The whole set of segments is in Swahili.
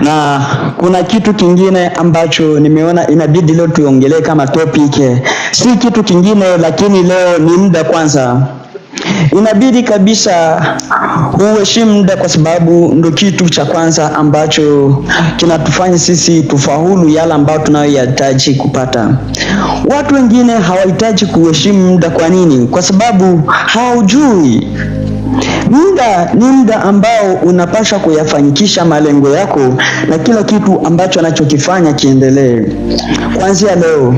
Na kuna kitu kingine ambacho nimeona inabidi leo tuongelee kama topic, si kitu kingine lakini leo ni muda. Kwanza inabidi kabisa uheshimu muda, kwa sababu ndo kitu cha kwanza ambacho kinatufanya sisi tufaulu yale ambayo tunayohitaji kupata. Watu wengine hawahitaji kuheshimu muda. Kwa nini? Kwa sababu haujui Muda ni muda ambao unapasha kuyafanikisha malengo yako na kila kitu ambacho anachokifanya kiendelee. Kuanzia leo,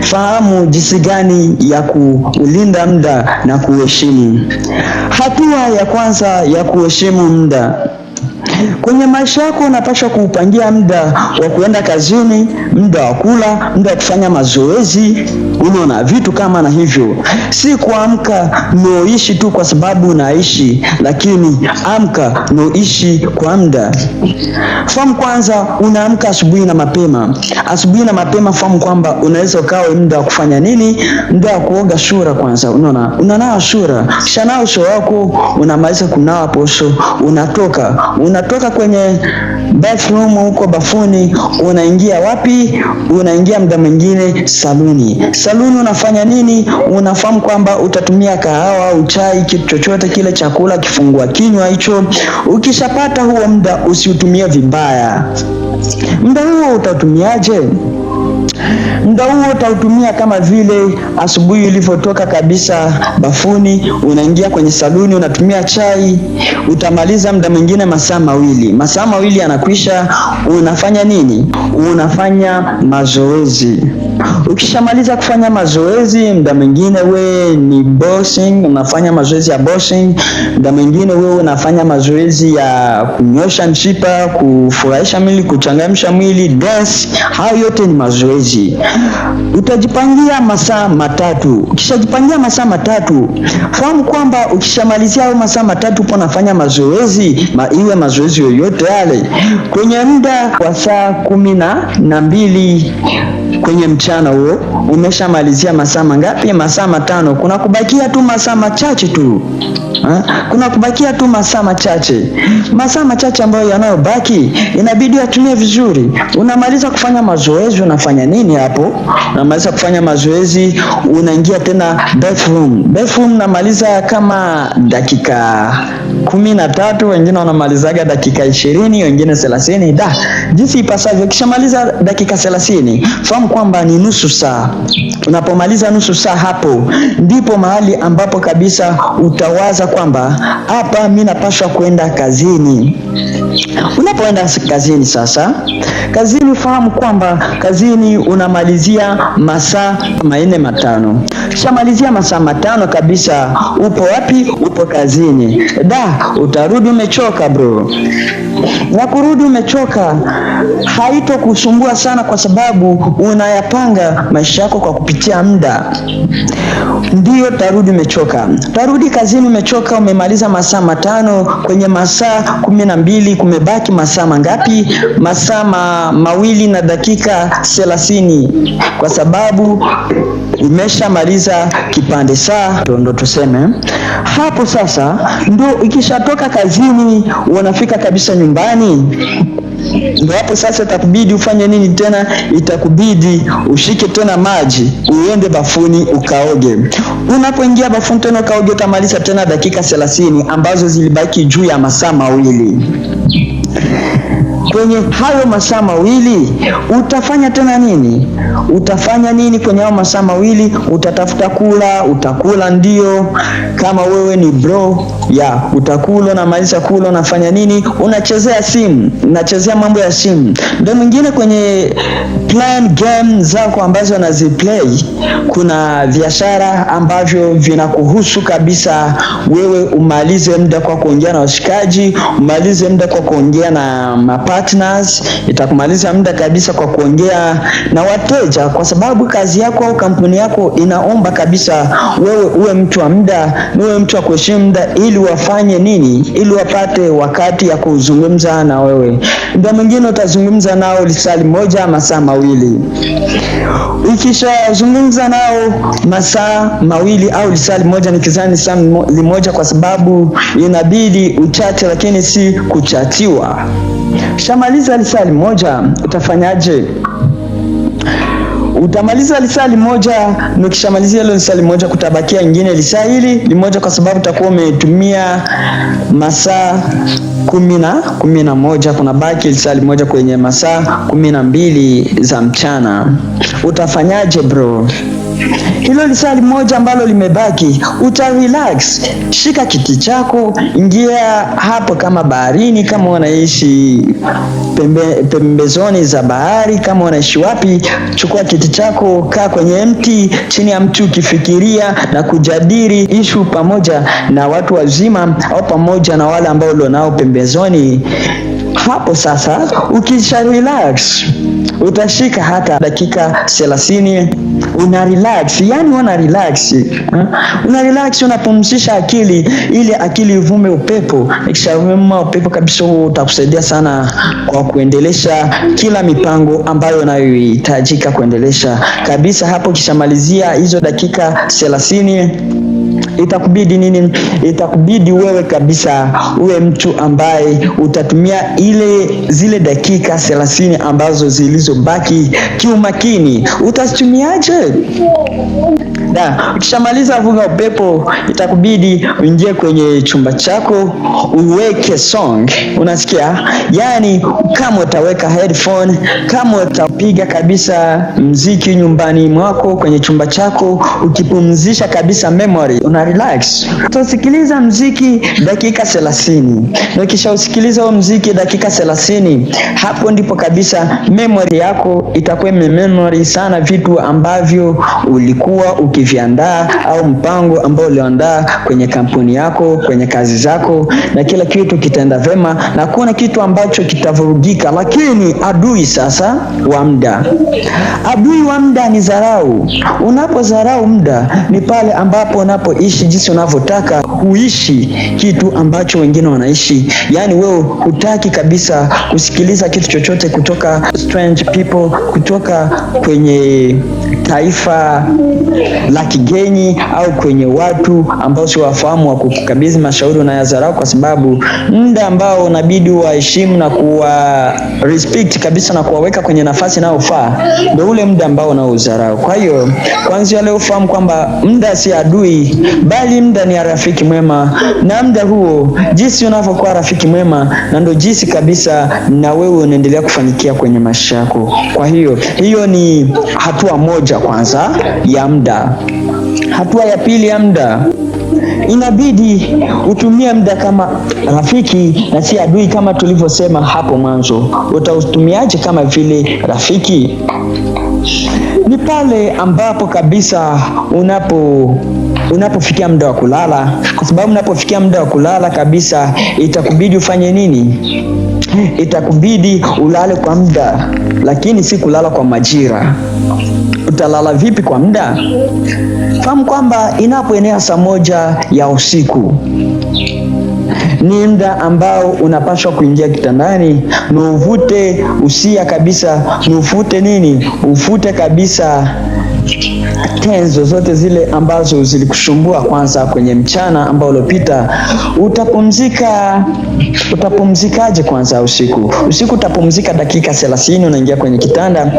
fahamu jinsi gani ya kuulinda muda na kuheshimu. Hatua ya kwanza ya kuheshimu muda Kwenye maisha yako unapaswa kuupangia muda wa kuenda kazini, muda wa kula, muda wa kufanya mazoezi, unaona vitu kama na hivyo, si kuamka noishi tu kwa sababu unaishi, lakini amka noishi kwa muda. Fahamu kwanza, unaamka asubuhi na mapema. Asubuhi na mapema, fahamu kwamba unaweza ukawe muda wa kufanya nini? Muda wa kuoga sura kwanza, unaona, unanawa sura, kisha nao uso wako, unamaliza kunawa posho, unatoka unatoka unatoka kwenye bathroom huko bafuni, unaingia wapi? Unaingia mda mwingine saluni. Saluni unafanya nini? Unafahamu kwamba utatumia kahawa au chai, kitu chochote kile, chakula, kifungua kinywa hicho. Ukishapata huo mda usiutumie vibaya. Mda huo utatumiaje? Muda huo utautumia kama vile asubuhi ulivyotoka kabisa bafuni, unaingia kwenye saluni, unatumia chai, utamaliza muda mwingine masaa mawili. Masaa mawili yanakwisha, unafanya nini? Unafanya mazoezi. Ukishamaliza kufanya mazoezi, mda mwingine we ni boxing, unafanya mazoezi ya boxing. Mda mwingine we unafanya mazoezi ya kunyosha mshipa, kufurahisha mwili, kuchangamsha mwili, dance. Hayo yote ni mazoezi. Utajipangia masaa matatu. Ukishajipangia masaa matatu, fahamu kwamba ukishamalizia hayo masaa matatu upo unafanya mazoezi ma, iwe mazoezi yoyote yale, kwenye muda wa saa kumi na mbili kwenye mchana huo umeshamalizia masaa mangapi? Masaa matano. Kuna kubakia tu masaa machache tu ha? Kuna kubakia tu masaa machache, masaa machache ambayo yanayobaki inabidi atumie vizuri. Unamaliza kufanya mazoezi, unafanya nini hapo? Unamaliza kufanya mazoezi, unaingia tena bathroom. Bathroom namaliza kama dakika kumi na tatu, wengine wanamalizaga dakika ishirini, wengine thelathini, da jinsi ipasavyo. Kishamaliza dakika thelathini, fahamu kwamba ni nusu saa. Unapomaliza nusu saa, hapo ndipo mahali ambapo kabisa utawaza kwamba hapa mi napaswa kuenda kazini. Unapoenda kazini sasa, kazini ufahamu kwamba kazini unamalizia masaa manne matano. Shamalizia masaa matano kabisa, upo wapi? upo kazini, da, utarudi umechoka bro, na kurudi umechoka haitokusumbua sana, kwa sababu unayapanga maisha yako kwa kupitia muda. Ndiyo, tarudi umechoka, tarudi kazini umechoka, umemaliza masaa matano kwenye masaa kumi na mbili kumebaki masaa mangapi? Masaa ma, mawili na dakika thelathini kwa sababu umeshamaliza kipande saa, ndo tuseme hapa hapo sasa ndo ikishatoka kazini wanafika kabisa nyumbani, ndo hapo sasa itakubidi ufanye nini tena? Itakubidi ushike tena maji uende bafuni ukaoge. Unapoingia bafuni tena ukaoge, utamaliza tena dakika thelathini ambazo zilibaki juu ya masaa mawili. Kwenye hayo masaa mawili utafanya tena nini? Utafanya nini kwenye hayo masaa mawili? Utatafuta kula, utakula ndio. Kama wewe ni bro ya utakula, unamaliza kula, unafanya nini? Unachezea simu, unachezea mambo ya simu. Ndio mwingine kwenye plan game zako ambazo unaziplay, kuna biashara ambavyo vinakuhusu kabisa, wewe umalize muda kwa kuongea na washikaji, umalize muda kwa kuongea kuongea na mapartners, itakumaliza muda kabisa kwa kuongea na wateja, kwa sababu kazi yako au kampuni yako inaomba kabisa wewe uwe mtu wa muda, uwe mtu wa kuheshimu muda, ili wafanye nini, ili wapate wakati ya kuzungumza na wewe. Muda mwingine utazungumza nao lisali moja masaa mawili, ukishazungumza nao masaa mawili au lisali moja, nikizani saa limoja, kwa sababu inabidi uchate, lakini si kuchatiwa. Shamaliza lisali moja, utafanyaje? Utamaliza lisali moja, na ukishamalizia hilo lisali moja, kutabakia ingine lisaa hili limoja, kwa sababu utakuwa umetumia masaa kumi na kumi na moja. Kuna baki lisali moja kwenye masaa kumi na mbili za mchana. Utafanyaje bro? Hilo swali moja ambalo limebaki, uta relax, shika kiti chako, ingia hapo kama baharini, kama wanaishi pembe, pembezoni za bahari, kama wanaishi wapi, chukua kiti chako, kaa kwenye mti, chini ya mti, ukifikiria na kujadili ishu pamoja na watu wazima au pamoja na wale ambao ulionao pembezoni hapo sasa ukisha relax utashika hata dakika thelathini una relax, yani una relax, una relax, unapumzisha akili ili akili ivume upepo. Ikishavuma upepo kabisa, utakusaidia sana kwa kuendelesha kila mipango ambayo unayohitajika kuendelesha kabisa. Hapo ukishamalizia hizo dakika thelathini itakubidi nini? Itakubidi wewe kabisa uwe mtu ambaye utatumia ile zile dakika thelathini ambazo zilizobaki kiumakini. Utazitumiaje? Na ukishamaliza vuga upepo, itakubidi uingie kwenye chumba chako uweke song, unasikia? yani kama utaweka headphone, kama utapiga kabisa mziki nyumbani mwako kwenye chumba chako, ukipumzisha kabisa memory, una relax. Utasikiliza mziki dakika 30, na ukishausikiliza huo mziki dakika 30, hapo ndipo kabisa memory yako itakuwa memory sana vitu ambavyo ulikuwa ukiviandaa au mpango ambao ulioandaa kwenye kampuni yako, kwenye kazi zako, na kila kitu kitaenda vema na kuna kitu ambacho kitavurugika. Lakini adui sasa wa muda, adui wa muda ni dharau. unapozarau muda ni pale ambapo unapoishi jinsi unavyotaka, huishi kitu ambacho wengine wanaishi. Yani wewe hutaki kabisa kusikiliza kitu chochote kutoka strange people, kutoka quỳnh à? quindi taifa la kigeni au kwenye watu ambao si wafahamu wa kukabidhi mashauri unayadharau, kwa sababu muda ambao unabidi waheshimu na kuwa respect kabisa na kuwaweka kwenye nafasi inayofaa ndio ule muda ambao unaudharau. Kwa hiyo kwanza leo ufahamu kwamba muda si adui, bali muda ni rafiki mwema, na muda huo jinsi unavyokuwa rafiki mwema, na ndio jinsi kabisa na wewe unaendelea kufanikia kwenye maisha yako. Kwa hiyo hiyo ni hatua moja moja kwanza ya muda. Hatua ya pili ya muda, inabidi utumie muda kama rafiki na si adui, kama tulivyosema hapo mwanzo. Utautumiaje kama vile rafiki? Ni pale ambapo kabisa unapo unapofikia muda wa kulala, kwa sababu unapofikia muda wa kulala kabisa, itakubidi ufanye nini? Itakubidi ulale kwa muda, lakini si kulala kwa majira utalala vipi kwa muda? Fahamu kwamba inapoenea saa moja ya usiku ni muda ambao unapaswa kuingia kitandani na uvute usia kabisa, na ufute nini, ufute kabisa tenzo zote zile ambazo zilikusumbua kwanza kwenye mchana ambao uliopita, utapumzika. Utapumzikaje kwanza usiku? Usiku utapumzika dakika thelathini, unaingia kwenye kitanda.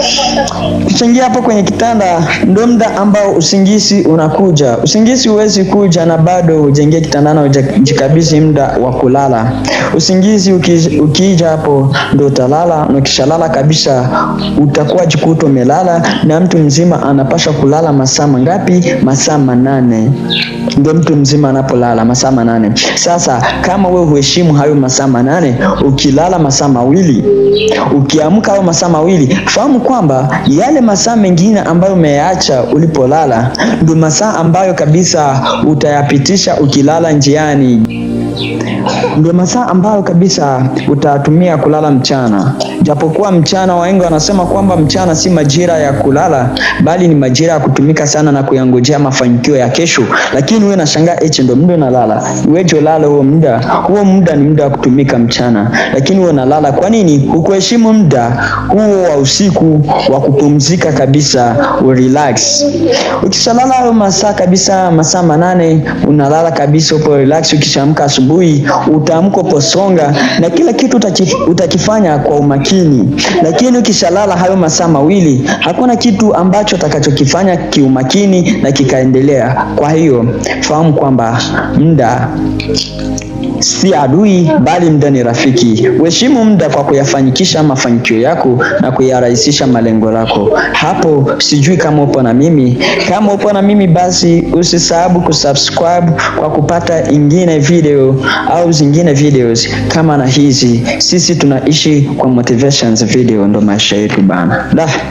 Ukiingia hapo kwenye kitanda, ndio muda ambao usingizi unakuja. Usingizi huwezi kuja na bado hujaingia kitandana, ujikabizi muda wa kulala. Usingizi ukija hapo ndio utalala, na ukishalala kabisa utakuwa jikuto umelala na mtu mzima ana anapaswa kulala masaa mangapi? Masaa manane ndio mtu mzima anapolala masaa manane. Sasa kama wewe huheshimu hayo masaa manane, ukilala masaa mawili, ukiamka hayo masaa mawili, fahamu kwamba yale masaa mengine ambayo umeyaacha ulipolala ndio masaa ambayo kabisa utayapitisha ukilala njiani ndio masaa ambayo kabisa utatumia kulala mchana. Japokuwa mchana waenga wanasema kwamba mchana si majira ya kulala, bali ni majira ya kutumika sana na kuyangojea mafanikio ya kesho, lakini wewe unashangaa eti ndio muda unalala. Wewe lala huo muda, huo muda ni muda wa kutumika mchana, lakini wewe unalala. Kwa nini? Hukuheshimu muda huo wa usiku wa kupumzika kabisa, u relax. Ukishalala hayo masaa kabisa, masaa manane unalala kabisa, upo relax, ukishamka asubuhi asubuhi utaamka uposonga na kila kitu utakifanya kwa umakini, lakini ukishalala hayo masaa mawili hakuna kitu ambacho utakachokifanya kiumakini na kikaendelea. Kwa hiyo fahamu kwamba muda si adui bali muda ni rafiki. Uheshimu muda kwa kuyafanyikisha mafanikio yako na kuyarahisisha malengo lako Hapo sijui kama upo na mimi. Kama upo na mimi, basi usisahau kusubscribe kwa kupata ingine video au zingine videos kama na hizi. Sisi tunaishi kwa motivations video, ndo maisha yetu bana da